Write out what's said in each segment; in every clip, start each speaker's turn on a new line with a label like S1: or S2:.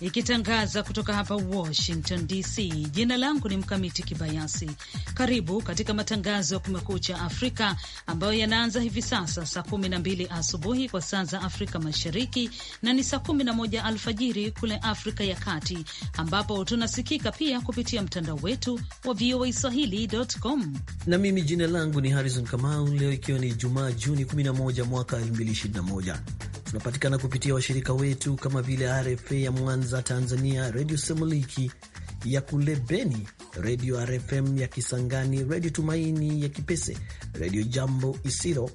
S1: ikitangaza kutoka hapa Washington DC. Jina langu ni Mkamiti Kibayasi. Karibu katika matangazo ya Kumekucha Afrika ambayo yanaanza hivi sasa saa 12 asubuhi kwa saa za Afrika Mashariki na ni saa 11 alfajiri kule Afrika ya Kati, ambapo tunasikika pia kupitia mtandao wetu wa VOA Swahili.com.
S2: Na mimi jina langu ni Harrison Kamau. Leo ikiwa ni Jumaa, Juni 11 mwaka 2021 Tunapatikana kupitia washirika wetu kama vile RFA ya Mwanza Tanzania, Redio Semuliki ya kule Beni, Redio RFM ya Kisangani, Redio Tumaini ya Kipese, Redio Jambo Isiro,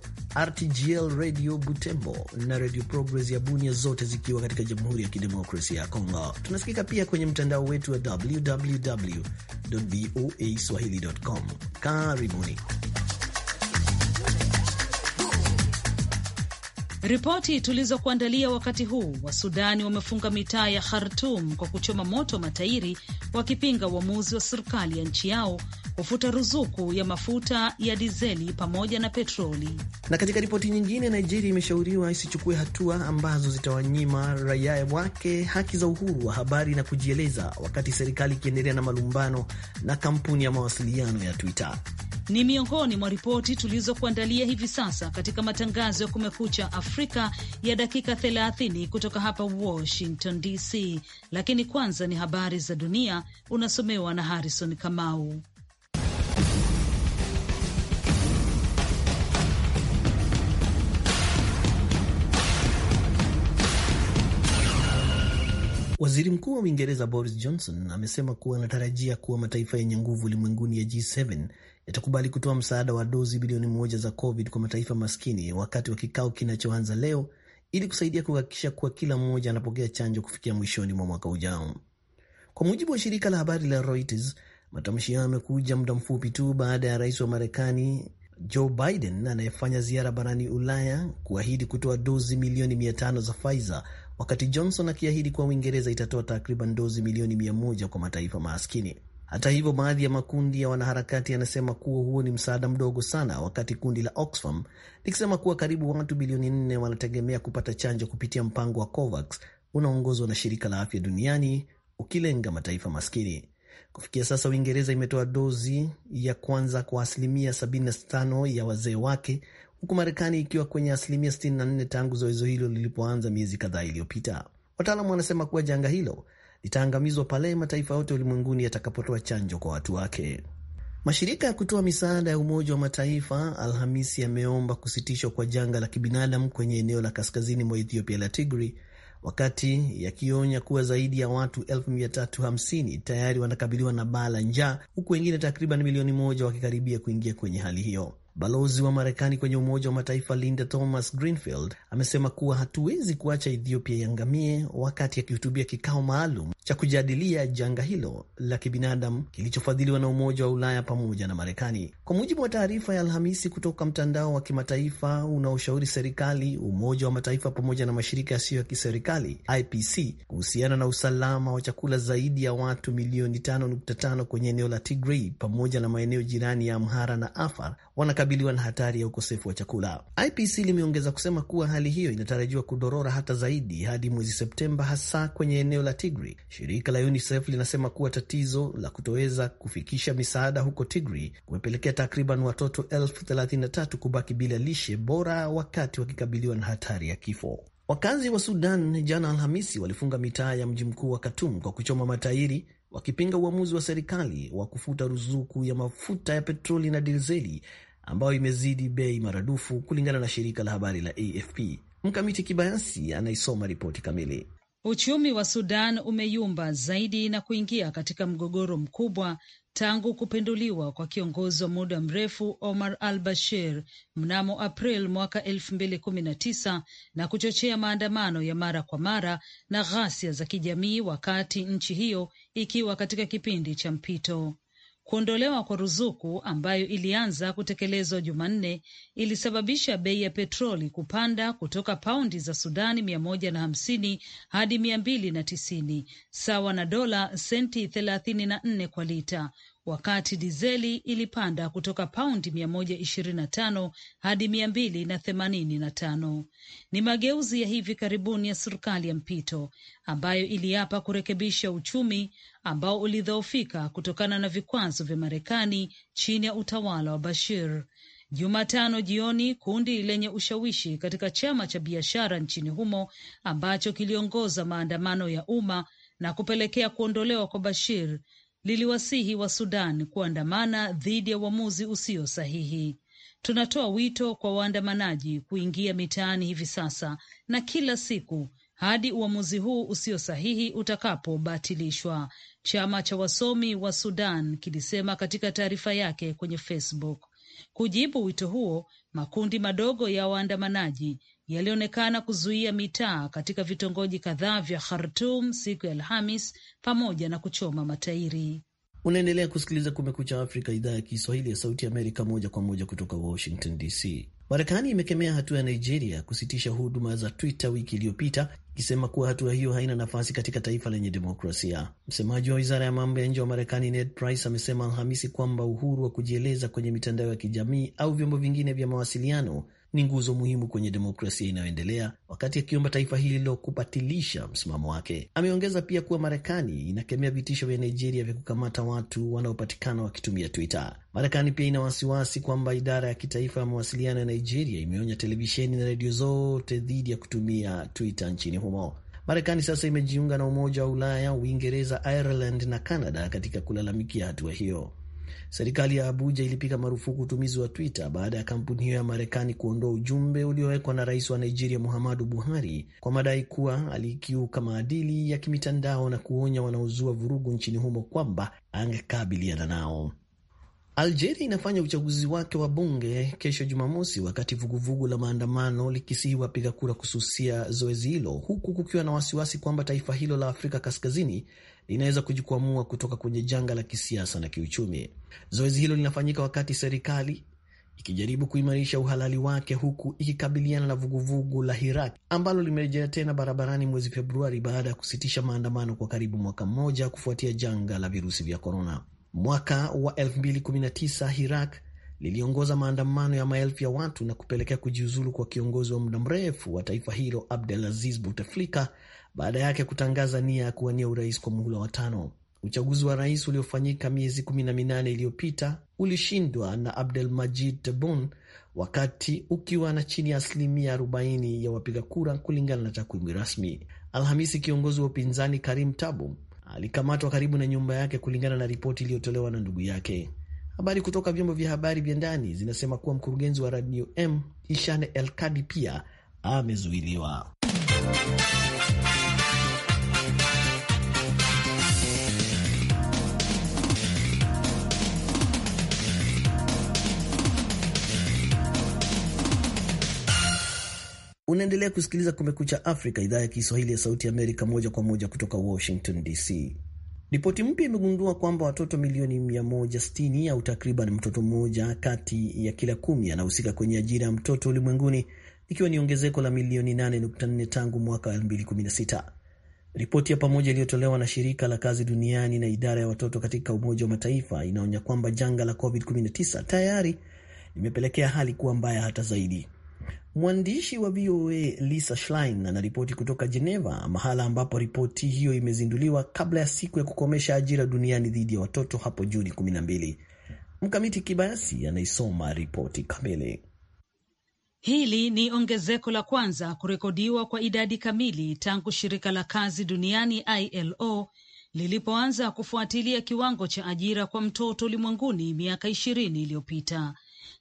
S2: RTGL Redio Butembo na Redio Progress ya Bunia, zote zikiwa katika Jamhuri ya Kidemokrasia ya Kongo. Tunasikika pia kwenye mtandao wetu wa www voa swahili.com. Karibuni.
S1: Ripoti tulizokuandalia wakati huu, Wasudani wamefunga mitaa ya Khartum kwa kuchoma moto matairi wakipinga uamuzi wa serikali ya nchi yao kufuta ruzuku ya mafuta ya dizeli pamoja na petroli.
S2: Na katika ripoti nyingine, Nigeria imeshauriwa isichukue hatua ambazo zitawanyima raia wake haki za uhuru wa habari na kujieleza, wakati serikali ikiendelea na malumbano na kampuni ya mawasiliano ya Twitter
S1: ni miongoni mwa ripoti tulizokuandalia hivi sasa katika matangazo ya Kumekucha Afrika ya dakika 30 kutoka hapa Washington DC. Lakini kwanza ni habari za dunia, unasomewa na Harrison Kamau.
S2: Waziri Mkuu wa Uingereza Boris Johnson amesema kuwa anatarajia kuwa mataifa yenye nguvu ulimwenguni ya G7 yatakubali kutoa msaada wa dozi bilioni moja za COVID kwa mataifa maskini wakati wa kikao kinachoanza leo ili kusaidia kuhakikisha kuwa kila mmoja anapokea chanjo kufikia mwishoni mwa mwaka ujao. Kwa mujibu wa shirika la habari la Reuters, matamshi hayo yamekuja muda mfupi tu baada ya rais wa Marekani Joe Biden anayefanya ziara barani Ulaya kuahidi kutoa dozi milioni mia tano za Pfizer, wakati Johnson akiahidi kuwa Uingereza itatoa takriban dozi milioni mia moja kwa mataifa maskini. Hata hivyo, baadhi ya makundi ya wanaharakati yanasema kuwa huo ni msaada mdogo sana, wakati kundi la Oxfam likisema kuwa karibu watu bilioni nne wanategemea kupata chanjo kupitia mpango wa COVAX unaongozwa na shirika la afya duniani ukilenga mataifa maskini. Kufikia sasa Uingereza imetoa dozi ya kwanza kwa asilimia 75 ya wazee wake huku Marekani ikiwa kwenye asilimia 64 tangu zoezo hilo lilipoanza miezi kadhaa iliyopita. Wataalamu wanasema kuwa janga hilo litaangamizwa pale mataifa yote ulimwenguni yatakapotoa chanjo kwa watu wake. Mashirika ya kutoa misaada ya Umoja wa Mataifa Alhamisi yameomba kusitishwa kwa janga la kibinadamu kwenye eneo la kaskazini mwa Ethiopia la tigri wakati yakionya kuwa zaidi ya watu 350 tayari wanakabiliwa na baa la njaa, huku wengine takriban milioni moja wakikaribia kuingia kwenye hali hiyo. Balozi wa Marekani kwenye Umoja wa Mataifa Linda Thomas Greenfield amesema kuwa hatuwezi kuacha Ethiopia iangamie, wakati akihutubia kikao maalum cha kujadilia janga hilo la kibinadamu kilichofadhiliwa na Umoja wa Ulaya pamoja na Marekani. Kwa mujibu wa taarifa ya Alhamisi kutoka mtandao wa kimataifa unaoshauri serikali, Umoja wa Mataifa pamoja na mashirika yasiyo ya kiserikali IPC kuhusiana na usalama wa chakula, zaidi ya watu milioni 5.5 kwenye eneo la Tigray pamoja na maeneo jirani ya Amhara na Afar wanakabiliwa na hatari ya ukosefu wa chakula. IPC limeongeza kusema kuwa hali hiyo inatarajiwa kudorora hata zaidi hadi mwezi Septemba, hasa kwenye eneo la Tigri. Shirika la UNICEF linasema kuwa tatizo la kutoweza kufikisha misaada huko Tigri kumepelekea takriban watoto elfu 33 kubaki bila lishe bora wakati wakikabiliwa na hatari ya kifo. Wakazi wa Sudan jana Alhamisi walifunga mitaa ya mji mkuu wa Khartoum kwa kuchoma matairi wakipinga uamuzi wa serikali wa kufuta ruzuku ya mafuta ya petroli na dizeli ambayo imezidi bei maradufu kulingana na shirika la habari la AFP. Mkamiti Kibayansi anaisoma ripoti kamili.
S1: Uchumi wa Sudan umeyumba zaidi na kuingia katika mgogoro mkubwa tangu kupinduliwa kwa kiongozi wa muda mrefu Omar al Bashir mnamo April mwaka elfu mbili kumi na tisa na kuchochea maandamano ya mara kwa mara na ghasia za kijamii, wakati nchi hiyo ikiwa katika kipindi cha mpito. Kuondolewa kwa ruzuku ambayo ilianza kutekelezwa Jumanne ilisababisha bei ya petroli kupanda kutoka paundi za Sudani mia moja na hamsini hadi mia mbili na tisini sawa na dola senti thelathini na nne kwa lita wakati dizeli ilipanda kutoka paundi 125 hadi 285. Ni mageuzi ya hivi karibuni ya serikali ya mpito ambayo iliapa kurekebisha uchumi ambao ulidhoofika kutokana na vikwazo vya Marekani chini ya utawala wa Bashir. Jumatano jioni kundi lenye ushawishi katika chama cha biashara nchini humo ambacho kiliongoza maandamano ya umma na kupelekea kuondolewa kwa Bashir liliwasihi wa Sudan kuandamana dhidi ya uamuzi usio sahihi. Tunatoa wito kwa waandamanaji kuingia mitaani hivi sasa na kila siku hadi uamuzi huu usio sahihi utakapobatilishwa, chama cha wasomi wa Sudan kilisema katika taarifa yake kwenye Facebook. Kujibu wito huo, makundi madogo ya waandamanaji yalionekana kuzuia mitaa katika vitongoji kadhaa vya Khartum siku ya Alhamis pamoja na kuchoma matairi.
S2: Unaendelea kusikiliza Kumekucha Afrika, idhaa ya Kiswahili ya Sauti Amerika, moja kwa moja kutoka Washington DC. Marekani imekemea hatua ya Nigeria kusitisha huduma za Twitter wiki iliyopita ikisema kuwa hatua hiyo haina nafasi katika taifa lenye demokrasia. Msemaji wa wizara ya mambo ya nje wa Marekani Ned Price amesema Alhamisi kwamba uhuru wa kujieleza kwenye mitandao ya kijamii au vyombo vingine vya mawasiliano ni nguzo muhimu kwenye demokrasia inayoendelea, wakati akiomba taifa hilo kubatilisha msimamo wake. Ameongeza pia kuwa Marekani inakemea vitisho vya Nigeria vya kukamata watu wanaopatikana wakitumia Twitter. Marekani pia ina wasiwasi kwamba idara ya kitaifa ya mawasiliano ya Nigeria imeonya televisheni na redio zote dhidi ya kutumia Twitter nchini humo. Marekani sasa imejiunga na Umoja wa Ulaya, Uingereza, Ireland na Canada katika kulalamikia hatua hiyo. Serikali ya Abuja ilipiga marufuku utumizi wa Twitter baada ya kampuni hiyo ya Marekani kuondoa ujumbe uliowekwa na rais wa Nigeria Muhammadu Buhari kwa madai kuwa alikiuka maadili ya kimitandao na kuonya wanaozua vurugu nchini humo kwamba angekabiliana nao. Algeria inafanya uchaguzi wake wa bunge kesho Jumamosi, wakati vuguvugu vugu la maandamano likisihi wapiga kura kususia zoezi hilo, huku kukiwa na wasiwasi kwamba taifa hilo la Afrika Kaskazini linaweza kujikwamua kutoka kwenye janga la kisiasa na kiuchumi. Zoezi hilo linafanyika wakati serikali ikijaribu kuimarisha uhalali wake huku ikikabiliana na vuguvugu la Hirak ambalo limerejea tena barabarani mwezi Februari baada ya kusitisha maandamano kwa karibu mwaka mmoja kufuatia janga la virusi vya korona. Mwaka wa 2019 Hirak liliongoza maandamano ya maelfu ya watu na kupelekea kujiuzulu kwa kiongozi wa muda mrefu wa taifa hilo Abdelaziz Bouteflika baada yake kutangaza nia ya kuwania urais kwa muhula wa tano. Uchaguzi wa rais uliofanyika miezi kumi na minane iliyopita ulishindwa na Abdel Majid Tebboune wakati ukiwa na chini ya asilimia 40 ya wapiga kura kulingana na takwimu rasmi. Alhamisi, kiongozi wa upinzani Karim Tabu alikamatwa karibu na nyumba yake kulingana na ripoti iliyotolewa na ndugu yake. Habari kutoka vyombo vya habari vya ndani zinasema kuwa mkurugenzi wa Radio M Ishane Elkadi pia amezuiliwa. Unaendelea kusikiliza Kumekucha Afrika, idhaa ya Kiswahili ya Sauti Amerika, moja kwa moja kutoka Washington DC. Ripoti mpya imegundua kwamba watoto milioni 160 au takriban mtoto mmoja kati ya kila kumi anahusika kwenye ajira ya mtoto ulimwenguni, ikiwa ni ongezeko la milioni 8.4 tangu mwaka 2016. Ripoti ya pamoja iliyotolewa na shirika la kazi duniani na idara ya watoto katika Umoja wa Mataifa inaonya kwamba janga la COVID-19 tayari limepelekea hali kuwa mbaya hata zaidi. Mwandishi wa VOA Lisa Schlein anaripoti kutoka Geneva, mahala ambapo ripoti hiyo imezinduliwa kabla ya siku ya kukomesha ajira duniani dhidi ya watoto hapo Juni 12. Mkamiti Kibayasi anaisoma ripoti kamili.
S1: Hili ni ongezeko la kwanza kurekodiwa kwa idadi kamili tangu shirika la kazi duniani ILO lilipoanza kufuatilia kiwango cha ajira kwa mtoto ulimwenguni miaka ishirini iliyopita.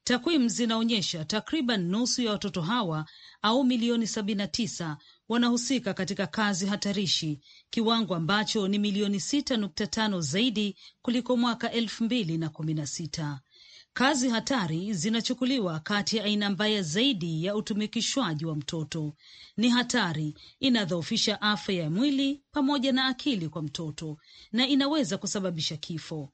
S1: Takwimu zinaonyesha takriban nusu ya watoto hawa au milioni sabini na tisa wanahusika katika kazi hatarishi, kiwango ambacho ni milioni sita nukta tano zaidi kuliko mwaka elfu mbili na kumi na sita. Kazi hatari zinachukuliwa kati ya aina mbaya zaidi ya utumikishwaji wa mtoto. Ni hatari, inadhoofisha afya ya mwili pamoja na akili kwa mtoto na inaweza kusababisha kifo.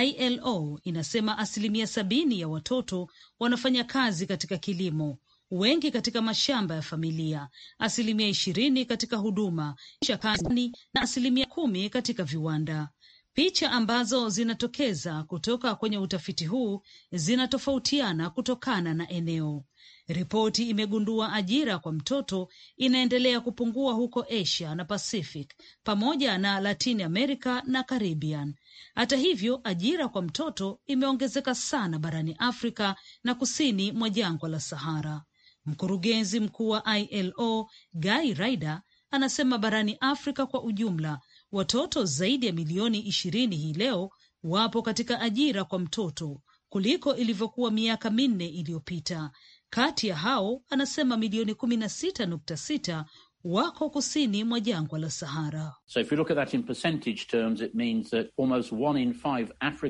S1: ILO inasema asilimia sabini ya watoto wanafanya kazi katika kilimo, wengi katika mashamba ya familia, asilimia ishirini katika huduma shakani na asilimia kumi katika viwanda. Picha ambazo zinatokeza kutoka kwenye utafiti huu zinatofautiana kutokana na eneo. Ripoti imegundua ajira kwa mtoto inaendelea kupungua huko Asia na Pacific pamoja na Latin America na Caribbean, hata hivyo, ajira kwa mtoto imeongezeka sana barani Afrika na kusini mwa jangwa la Sahara. Mkurugenzi mkuu wa ILO Guy Ryder anasema barani Afrika kwa ujumla watoto zaidi ya milioni ishirini hii leo wapo katika ajira kwa mtoto kuliko ilivyokuwa miaka minne iliyopita. Kati ya hao anasema milioni kumi na sita nukta sita wako kusini mwa jangwa la Sahara.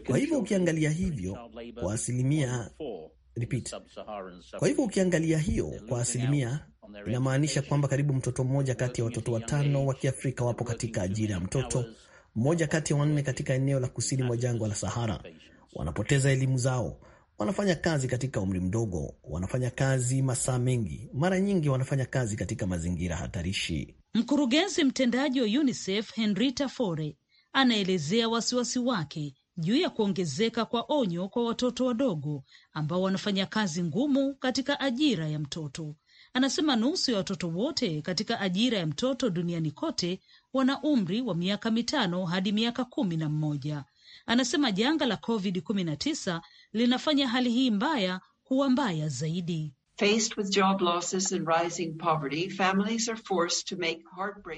S3: Kwa hivyo
S2: ukiangalia hivyo
S3: kwa asilimia
S2: Repeat. Kwa hivyo ukiangalia hiyo kwa asilimia inamaanisha kwamba karibu mtoto mmoja kati ya watoto watano wa Kiafrika wapo katika ajira ya mtoto, mmoja kati ya wanne katika eneo la kusini mwa jangwa la Sahara wanapoteza elimu zao, wanafanya kazi katika umri mdogo, wanafanya kazi masaa mengi, mara nyingi wanafanya kazi katika mazingira hatarishi.
S1: Mkurugenzi mtendaji wa UNICEF henrita Fore anaelezea wasiwasi wake juu ya kuongezeka kwa onyo kwa watoto wadogo ambao wanafanya kazi ngumu katika ajira ya mtoto. Anasema nusu ya watoto wote katika ajira ya mtoto duniani kote wana umri wa miaka mitano hadi miaka kumi na mmoja. Anasema janga la COVID-19 linafanya hali hii mbaya kuwa mbaya zaidi.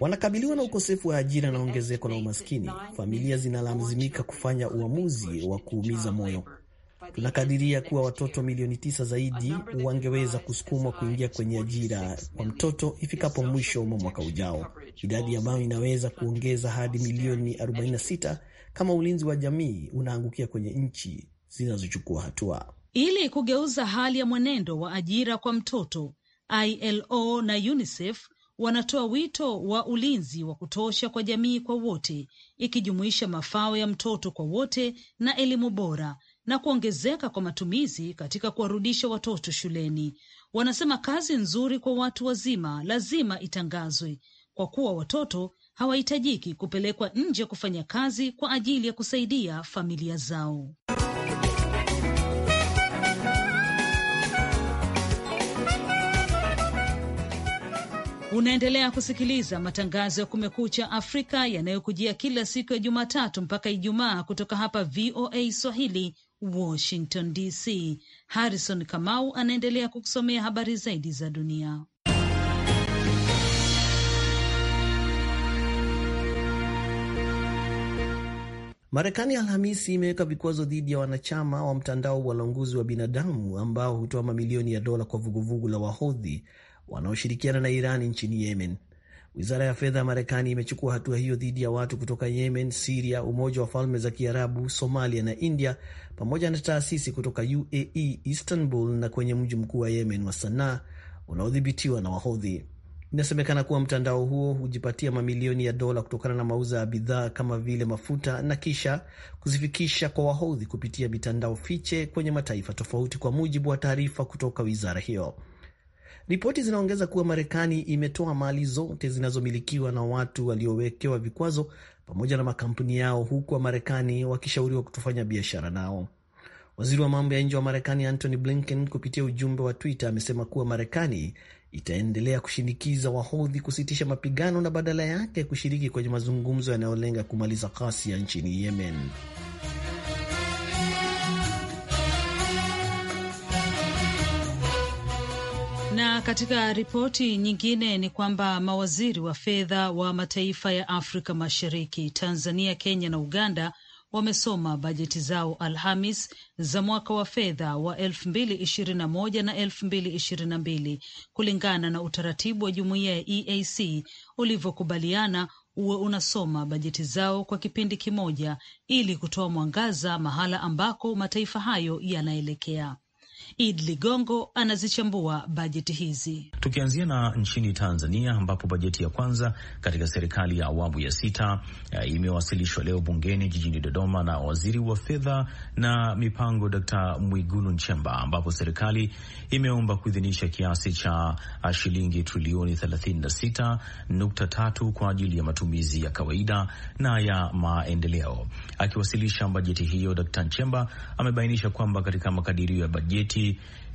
S2: Wanakabiliwa na ukosefu wa ajira na ongezeko la umaskini. Familia zinalazimika kufanya uamuzi wa kuumiza moyo. Tunakadiria kuwa watoto milioni tisa zaidi wangeweza kusukumwa kuingia kwenye ajira kwa mtoto ifikapo mwisho mwa mwaka ujao, idadi ambayo inaweza kuongeza hadi milioni 46 kama ulinzi wa jamii unaangukia kwenye nchi zinazochukua hatua
S1: ili kugeuza hali ya mwenendo wa ajira kwa mtoto. ILO na UNICEF wanatoa wito wa ulinzi wa kutosha kwa jamii kwa wote, ikijumuisha mafao ya mtoto kwa wote na elimu bora na kuongezeka kwa matumizi katika kuwarudisha watoto shuleni. Wanasema kazi nzuri kwa watu wazima lazima itangazwe kwa kuwa watoto hawahitajiki kupelekwa nje kufanya kazi kwa ajili ya kusaidia familia zao. Unaendelea kusikiliza matangazo ya Kumekucha Afrika yanayokujia kila siku ya Jumatatu mpaka Ijumaa kutoka hapa VOA Swahili, Washington DC. Harrison Kamau anaendelea kukusomea habari zaidi za dunia.
S2: Marekani Alhamisi imeweka vikwazo dhidi ya wanachama wa mtandao wa walanguzi wa binadamu ambao hutoa mamilioni ya dola kwa vuguvugu la Wahodhi wanaoshirikiana na Iran nchini Yemen. Wizara ya fedha ya Marekani imechukua hatua hiyo dhidi ya watu kutoka Yemen, Siria, Umoja wa Falme za Kiarabu, Somalia na India, pamoja na taasisi kutoka UAE, Istanbul na kwenye mji mkuu wa Yemen wa Sanaa unaodhibitiwa na Wahodhi. Inasemekana kuwa mtandao huo hujipatia mamilioni ya dola kutokana na mauza ya bidhaa kama vile mafuta na kisha kuzifikisha kwa Wahodhi kupitia mitandao fiche kwenye mataifa tofauti, kwa mujibu wa taarifa kutoka wizara hiyo. Ripoti zinaongeza kuwa Marekani imetoa mali zote zinazomilikiwa na watu waliowekewa vikwazo pamoja na makampuni yao, huku Wamarekani wakishauriwa kutofanya biashara nao. Waziri wa mambo ya nje wa Marekani Antony Blinken kupitia ujumbe wa Twitter amesema kuwa Marekani itaendelea kushinikiza Wahodhi kusitisha mapigano na badala yake kushiriki kwenye mazungumzo yanayolenga kumaliza ghasia nchini Yemen.
S1: katika ripoti nyingine ni kwamba mawaziri wa fedha wa mataifa ya Afrika Mashariki, Tanzania, Kenya na Uganda wamesoma bajeti zao Alhamis za mwaka wa fedha wa elfu mbili ishirini na moja na elfu mbili ishirini na mbili kulingana na utaratibu wa jumuiya ya EAC ulivyokubaliana uwe unasoma bajeti zao kwa kipindi kimoja ili kutoa mwangaza mahala ambako mataifa hayo yanaelekea. Id Ligongo anazichambua bajeti hizi,
S3: tukianzia na nchini Tanzania ambapo bajeti ya kwanza katika serikali ya awamu ya sita imewasilishwa leo bungeni jijini Dodoma na waziri wa fedha na mipango Dkt. Mwigulu Nchemba, ambapo serikali imeomba kuidhinisha kiasi cha shilingi trilioni 36.3 kwa ajili ya matumizi ya kawaida na ya maendeleo. Akiwasilisha bajeti hiyo, Dkt. Nchemba amebainisha kwamba katika makadirio ya bajeti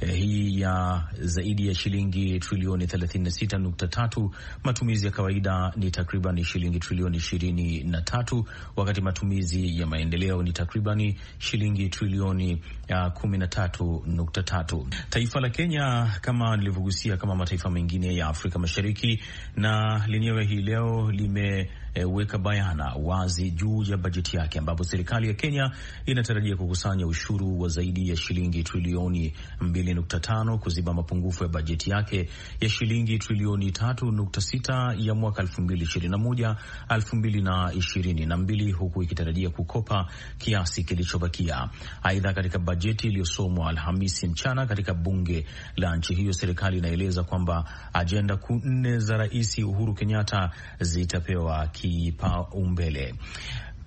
S3: Eh, hii ya zaidi ya shilingi trilioni 36.3. Matumizi ya kawaida ni takriban shilingi trilioni 23, wakati matumizi ya maendeleo ni takriban shilingi trilioni 13.3. Ah, Taifa la Kenya kama nilivyogusia, kama mataifa mengine ya Afrika Mashariki, na lenyewe hii leo lime Eh, weka bayana wazi juu ya bajeti yake, ambapo serikali ya Kenya inatarajia kukusanya ushuru wa zaidi ya shilingi trilioni 2.5 kuziba mapungufu ya bajeti yake ya shilingi trilioni 3.6 ya mwaka 2021 2022, huku ikitarajia kukopa kiasi kilichobakia. Aidha, katika bajeti iliyosomwa Alhamisi mchana katika bunge la nchi hiyo, serikali inaeleza kwamba ajenda kuu nne za Rais Uhuru Kenyatta zitapewa kipaumbele.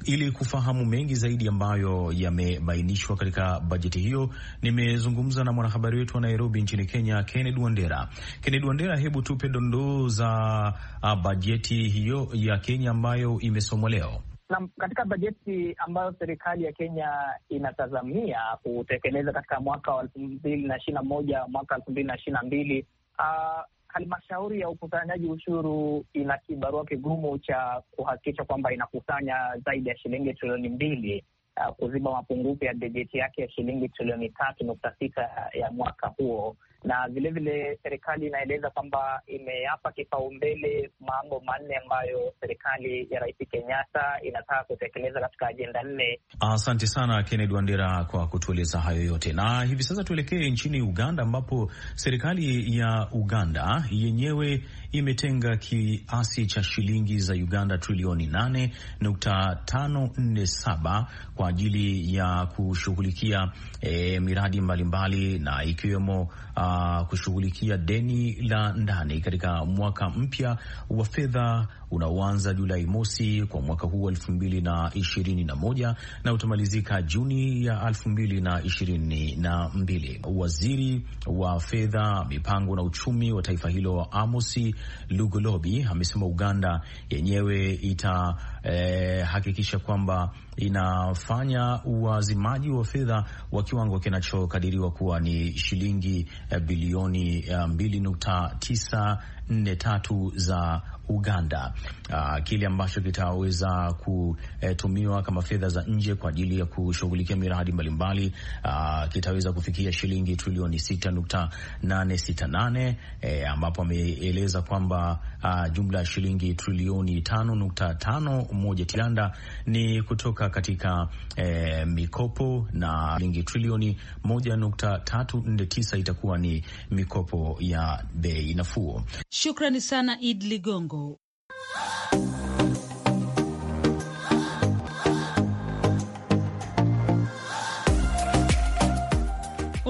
S3: Ili kufahamu mengi zaidi ambayo yamebainishwa katika bajeti hiyo, nimezungumza na mwanahabari wetu wa Nairobi nchini Kenya, Kennedy Wandera. Kennedy Wandera, hebu tupe dondoo za bajeti hiyo ya Kenya ambayo imesomwa leo.
S2: Na katika bajeti ambayo serikali ya Kenya inatazamia kutekeleza katika mwaka wa elfu mbili na ishirini na moja mwaka elfu mbili na ishirini na mbili halmashauri ya ukusanyaji ushuru ina kibarua kigumu cha kuhakikisha kwamba inakusanya zaidi ya shilingi trilioni mbili uh, kuziba mapungufu ya bajeti yake ya shilingi trilioni tatu nukta sita ya mwaka huo na vilevile serikali inaeleza kwamba imeyapa kipaumbele mambo manne ambayo serikali ya Rais Kenyatta inataka kutekeleza katika ajenda nne.
S3: Asante sana Kennedy Wandera kwa kutueleza hayo yote, na hivi sasa tuelekee nchini Uganda ambapo serikali ya Uganda yenyewe imetenga kiasi cha shilingi za Uganda trilioni 8.547 kwa ajili ya kushughulikia eh, miradi mbalimbali na ikiwemo uh, kushughulikia deni la ndani katika mwaka mpya wa fedha unaoanza Julai mosi kwa mwaka huu elfu mbili na ishirini na moja na utamalizika Juni ya elfu mbili na ishirini na mbili. Waziri wa fedha, mipango na uchumi wa taifa hilo Amosi Lugolobi amesema Uganda yenyewe itahakikisha eh, e, kwamba inafanya uwazimaji wa fedha wa kiwango kinachokadiriwa kuwa ni shilingi eh, bilioni 2.943 eh, za Uganda, uh, kile ambacho kitaweza kutumiwa kama fedha za nje kwa ajili ya kushughulikia miradi mbalimbali uh, kitaweza kufikia shilingi trilioni 6.868 eh, ambapo ameeleza kwamba uh, jumla ya shilingi trilioni 5.51 tilanda ni kutoka katika eh, mikopo na shilingi trilioni 1.349 itakuwa ni mikopo ya bei nafuu.
S1: Shukrani sana Id Ligongo.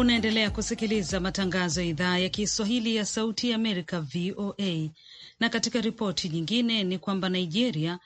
S1: Unaendelea kusikiliza matangazo ya idhaa ya Kiswahili ya Sauti ya Amerika, VOA. Na katika ripoti nyingine ni kwamba Nigeria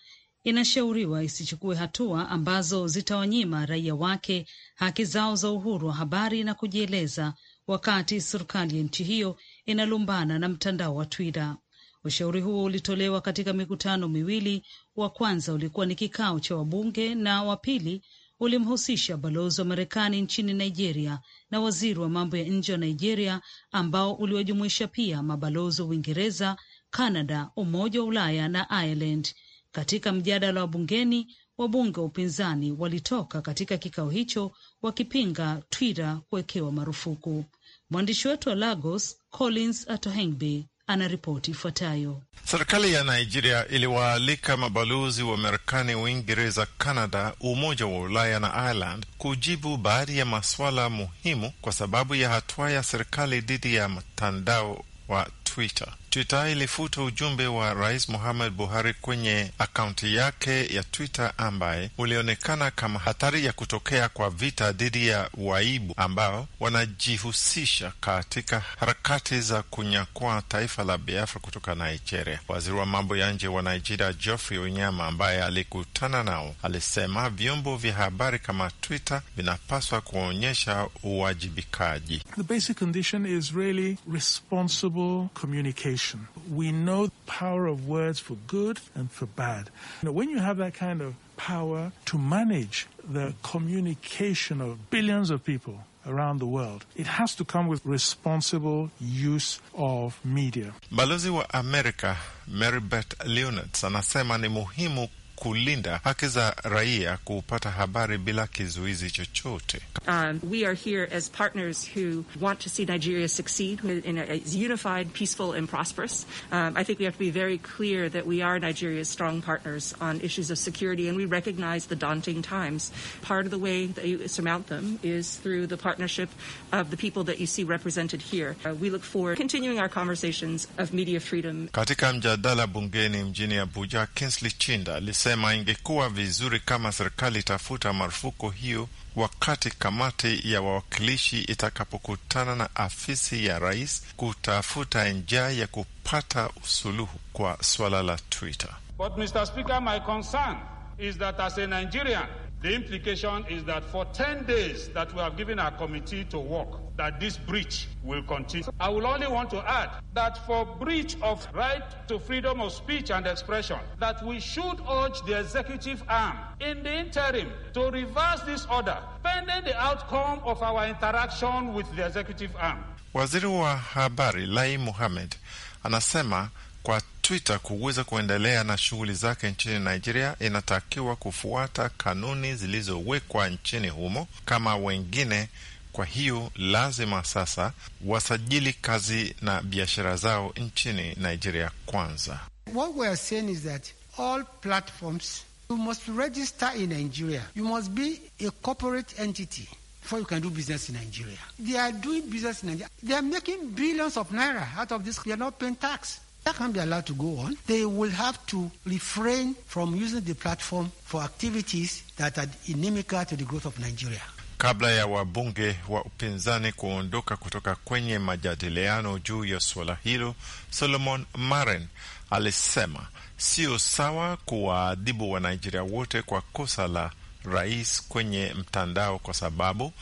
S1: inashauriwa isichukue hatua ambazo zitawanyima raia wake haki zao za uhuru wa habari na kujieleza, wakati serikali ya nchi hiyo inalumbana na mtandao wa Twitter. Ushauri huo ulitolewa katika mikutano miwili. Wa kwanza ulikuwa ni kikao cha wabunge na wa pili ulimhusisha balozi wa Marekani nchini Nigeria na waziri wa mambo ya nje wa Nigeria, ambao uliwajumuisha pia mabalozi wa Uingereza, Kanada, Umoja wa Ulaya na Ireland. Katika mjadala wa bungeni, wabunge wa upinzani walitoka katika kikao hicho wakipinga Twitter kuwekewa marufuku. Mwandishi wetu wa Lagos, Collins Atohengbe, anaripoti ifuatayo.
S4: Serikali ya Nigeria iliwaalika mabalozi wa Marekani, Uingereza, canada Umoja wa Ulaya na Ireland kujibu baadhi ya masuala muhimu kwa sababu ya hatua ya serikali dhidi ya mtandao wa Twitter. Twitter ilifuta ujumbe wa Rais Muhammad Buhari kwenye akaunti yake ya Twitter ambaye ulionekana kama hatari ya kutokea kwa vita dhidi ya waibu ambao wanajihusisha katika harakati za kunyakua taifa la Biafra kutoka Nigeria. Waziri wa mambo ya nje wa Nigeria Geoffrey Onyema, ambaye alikutana nao, alisema vyombo vya habari kama Twitter vinapaswa kuonyesha uwajibikaji. The basic condition is really responsible communication. action. We know the power of words for good and for bad. You know, when you have that kind of power to manage the communication of billions of people around the world. It has to come with responsible use of media. Balozi wa Amerika Marybeth Leonards anasema ni muhimu kulinda haki za raia kupata habari bila kizuizi chochote.
S1: Um, we are here as partners who want to see Nigeria succeed in a unified, peaceful and prosperous. Um, I think we have to be very clear that we are Nigeria's strong partners on issues of security and we recognize the daunting times. Part of the way that you surmount them is through the partnership of the people that you see represented here. Uh, we look forward continuing our conversations of media freedom.
S4: Katika mjadala bungeni mjini Abuja, Kinsley Chinda anasema ingekuwa vizuri kama serikali itafuta marufuku hiyo wakati kamati ya wawakilishi itakapokutana na afisi ya rais kutafuta njia ya kupata usuluhu kwa swala la Twitter.
S3: But Mr. Speaker, my concern is that as a Nigerian The implication is that for 10 days that we have given our committee to work, that this breach will continue. I will only want to add that for breach of right to freedom of speech and expression, that we should urge the executive arm in the interim to reverse this order, pending the outcome of our interaction with the executive arm.
S4: Waziri wa habari Lai Mohammed anasema kwa Twitter kuweza kuendelea na shughuli zake nchini Nigeria inatakiwa kufuata kanuni zilizowekwa nchini humo kama wengine. Kwa hiyo lazima sasa wasajili kazi na biashara zao nchini Nigeria kwanza.
S5: What we are saying is that all platforms you must register in Nigeria. You must be a corporate entity before you can do business in Nigeria. They are doing business in Nigeria. They are making billions of naira out of this. They are not paying tax that can't be allowed to go on. They will have to refrain from using the platform for activities that are inimical to the growth of Nigeria.
S4: Kabla ya wabunge wa upinzani kuondoka kutoka kwenye majadiliano juu ya suala hilo, Solomon Maren alisema sio sawa kuwaadhibu Wanigeria wote kwa kosa la rais kwenye mtandao kwa sababu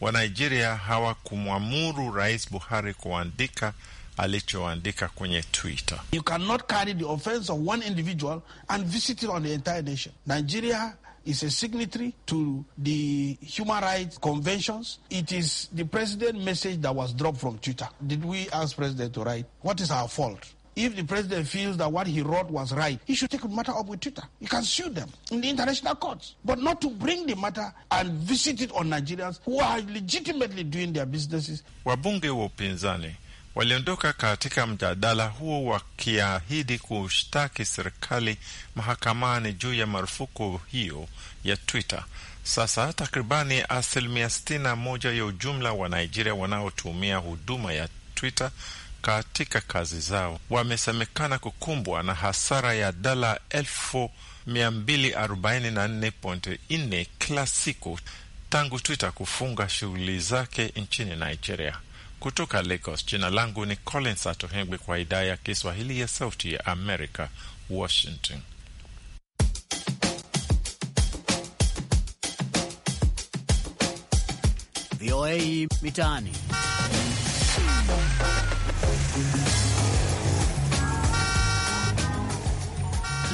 S4: Wanigeria hawakumwamuru Rais Buhari kuandika alichoandika kwenye Twitter.
S5: You cannot carry the offense of one individual and visit it on the entire nation. Nigeria is a signatory to the human rights conventions. It is the president's message that was dropped from Twitter. Did we ask president to write? What is our fault? If the president feels that what he wrote was right, he should take the matter up with Twitter. He can sue them in the international courts, but not to bring the matter and visit it on Nigerians who are legitimately doing their businesses.
S4: Wabunge wa upinzani waliondoka katika mjadala huo wakiahidi kushtaki serikali mahakamani juu ya marufuku hiyo ya Twitter. Sasa takribani asilimia sitini na moja ya ujumla wa Nigeria wanaotumia huduma ya Twitter katika kazi zao wamesemekana kukumbwa na hasara ya dola elfu 244.4 kila siku tangu Twitter kufunga shughuli zake nchini Nigeria kutoka Lagos. Jina langu ni Collins Atohengwi kwa idhaa ya Kiswahili ya Sauti ya america Washington.
S2: VOA
S1: Mitaani.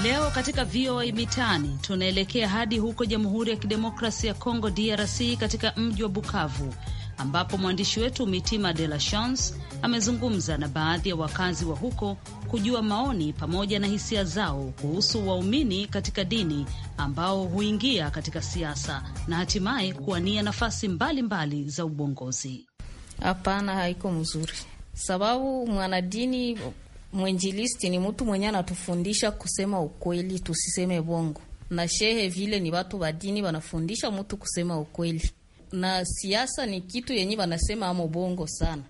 S1: Leo katika VOA Mitaani tunaelekea hadi huko Jamhuri ya Kidemokrasi ya Kongo, DRC, katika mji wa Bukavu ambapo mwandishi wetu Mitima De La Chance amezungumza na baadhi ya wakazi wa huko kujua maoni pamoja na hisia zao kuhusu waumini katika dini ambao huingia katika siasa na hatimaye kuwania nafasi mbalimbali mbali za ubongozi. Hapana, haiko mzuri, sababu mwanadini
S6: mwenjilisti ni mtu mwenye anatufundisha kusema ukweli, tusiseme bongo, na shehe vile ni watu wa dini wanafundisha mtu kusema ukweli na siasa ni kitu yenye wanasema amo bongo sana,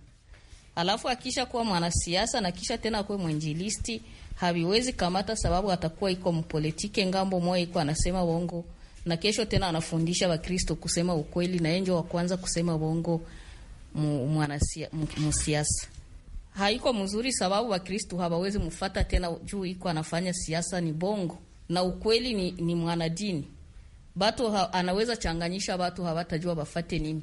S6: alafu akisha kuwa mwanasiasa na kisha tena kuwa mwinjilisti haviwezi kamata, sababu atakuwa iko mpolitike ngambo moja, iko anasema bongo na kesho tena anafundisha Wakristo kusema ukweli, na enjo wa kwanza kusema bongo mwanasiasa haiko mzuri, sababu Wakristo hawawezi mfata tena juu iko anafanya siasa ni bongo na ukweli ni, ni mwanadini batu ha, anaweza changanyisha batu hawatajua bafate nini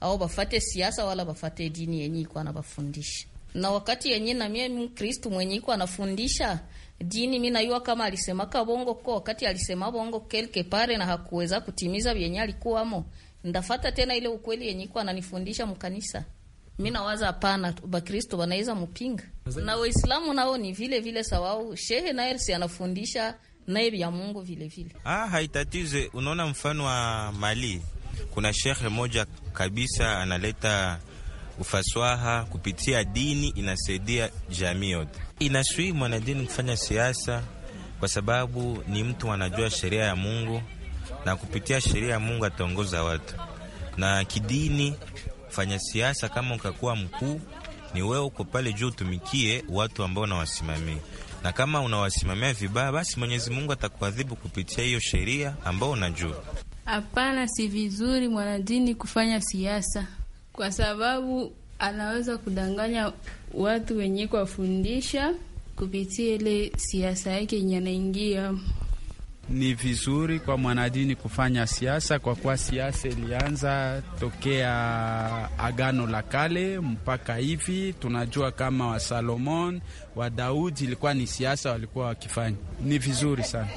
S6: au bafate siasa wala bafate dini yenye iko anabafundisha. Na wakati yenye na mie Mkristu mwenye iko anafundisha dini, mi najua kama alisemaka bongo ko wakati alisema bongo kelke pare na hakuweza kutimiza vyenye alikuwamo, ndafata tena ile ukweli yenye iko ananifundisha mkanisa. Mi nawaza hapana, Bakristo wanaweza mupinga na Waislamu nao ni vile vile sawau. Shehe naye si anafundisha naye ya Mungu vile vile.
S5: Ah, haitatize. Unaona mfano wa Mali, kuna shekhe moja kabisa analeta ufaswaha kupitia dini, inasaidia jamii yote. Inasui mwanadini kufanya siasa kwa sababu ni mtu anajua sheria ya Mungu na kupitia sheria ya Mungu ataongoza watu. Na kidini, fanya siasa, kama ukakuwa mkuu, ni wewe uko pale juu, utumikie watu ambao unawasimamia na kama unawasimamia vibaya, basi Mwenyezi Mungu atakuadhibu kupitia hiyo sheria ambao unajua.
S6: Hapana, si vizuri mwanadini kufanya siasa, kwa sababu anaweza kudanganya watu wenye kuwafundisha kupitia ile siasa yake yenye anaingia
S5: ni vizuri kwa mwanadini kufanya siasa kwa kuwa siasa ilianza tokea Agano la Kale mpaka hivi. Tunajua kama wa Salomon wa Daudi ilikuwa ni siasa walikuwa wakifanya, ni vizuri sana.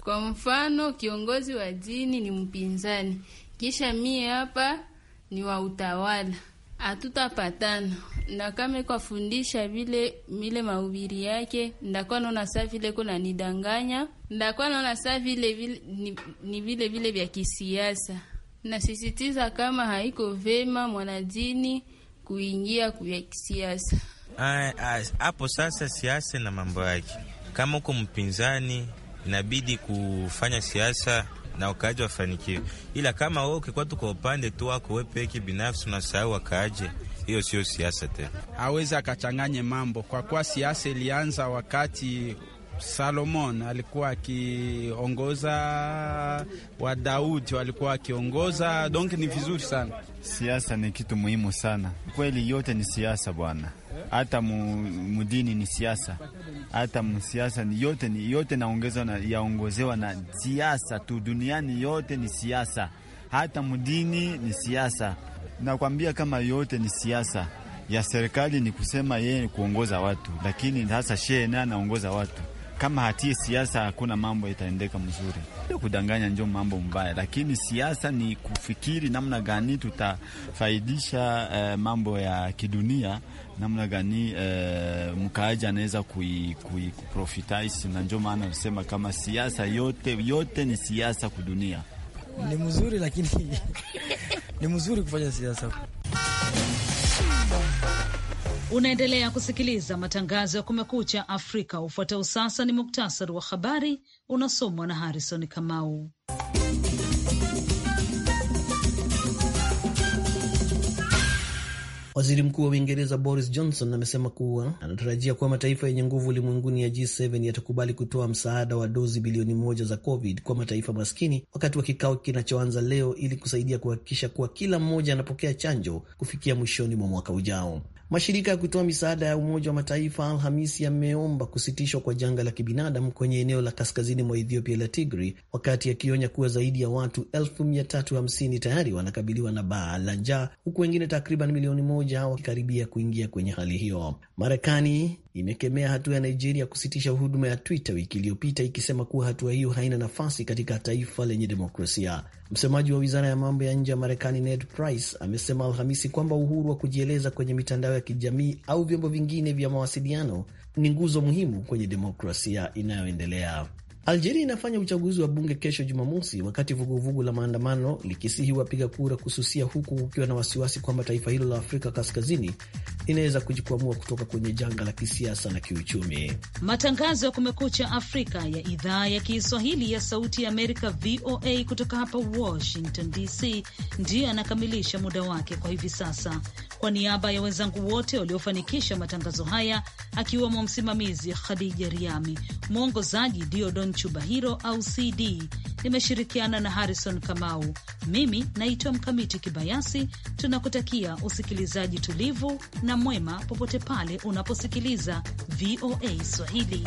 S6: Kwa mfano, kiongozi wa dini ni mpinzani, kisha mie hapa ni wa utawala hatutapatana kwa fundisha vile mile mahubiri yake, ndakuwa naona saa vile kuna nidanganya, ndakuwa naona saa vile vile ni, ni vile vile vya kisiasa. Nasisitiza kama haiko vema mwanadini kuingia kuya kisiasa
S5: hapo. Sasa siasa na mambo yake, kama uko mpinzani inabidi kufanya siasa na wakaaji wafanikiwe, ila kama wewe ukikuwa tu kwa upande tu wako wewe peke binafsi, unasahau wakaaji. Hiyo sio siasa tena, aweza akachanganye mambo kwa kuwa siasa ilianza wakati Salomon alikuwa akiongoza, wa Daudi walikuwa akiongoza, donk ni vizuri sana. Siasa ni kitu muhimu sana kweli, yote ni siasa bwana hata mudini ni siasa, hata msiasa yote, ni yote naongezwa na, yaongozewa na siasa tu. Duniani yote ni siasa, hata mudini ni siasa. Nakwambia kama yote ni siasa ya serikali, ni kusema yeye kuongoza watu, lakini hasa shehe naye anaongoza watu kama hatie siasa, hakuna mambo itaendeka mzuri. Ndio kudanganya njo mambo mbaya, lakini siasa ni kufikiri namna gani tutafaidisha eh, mambo ya kidunia namna gani eh, mkaaji anaweza kuprofitize na njo maana nasema kama siasa yote yote ni siasa kudunia. Ni mzuri lakini ni mzuri kufanya siasa
S1: Unaendelea kusikiliza matangazo ya Kumekucha Afrika. Ufuatao sasa ni muktasari wa habari unasomwa na Harrison Kamau.
S2: Waziri Mkuu wa Uingereza Boris Johnson amesema kuwa anatarajia kuwa mataifa yenye nguvu ulimwenguni ya G7 yatakubali kutoa msaada wa dozi bilioni moja za COVID kwa mataifa maskini wakati wa kikao kinachoanza leo ili kusaidia kuhakikisha kuwa kila mmoja anapokea chanjo kufikia mwishoni mwa mwaka ujao. Mashirika ya kutoa misaada ya Umoja wa Mataifa Alhamisi yameomba kusitishwa kwa janga la kibinadamu kwenye eneo la kaskazini mwa Ethiopia la tigri wakati yakionya kuwa zaidi ya watu 350 tayari wanakabiliwa na baa la njaa, huku wengine takriban milioni moja wakikaribia kuingia kwenye hali hiyo. Marekani imekemea hatua ya Nigeria kusitisha huduma ya Twitter wiki iliyopita ikisema kuwa hatua hiyo haina nafasi katika taifa lenye demokrasia. Msemaji wa wizara ya mambo ya nje ya Marekani Ned Price amesema Alhamisi kwamba uhuru wa kujieleza kwenye mitandao ya kijamii au vyombo vingine vya mawasiliano ni nguzo muhimu kwenye demokrasia inayoendelea. Algeria inafanya uchaguzi wa bunge kesho Jumamosi, wakati vuguvugu vugu la maandamano likisihi wapiga kura kususia, huku kukiwa na wasiwasi kwamba taifa hilo la Afrika Kaskazini linaweza kujikwamua kutoka kwenye janga la kisiasa na kiuchumi.
S1: Matangazo ya Kumekucha Afrika ya idhaa ya Kiswahili ya Sauti ya Amerika, VOA, kutoka hapa Washington DC, ndiyo anakamilisha muda wake kwa hivi sasa. Kwa niaba ya wenzangu wote waliofanikisha matangazo haya, akiwemo msimamizi Khadija Riami, mwongozaji Diodon Chubahiro au CD. Nimeshirikiana na Harrison Kamau. Mimi naitwa Mkamiti Kibayasi. Tunakutakia usikilizaji tulivu na mwema popote pale unaposikiliza VOA Swahili.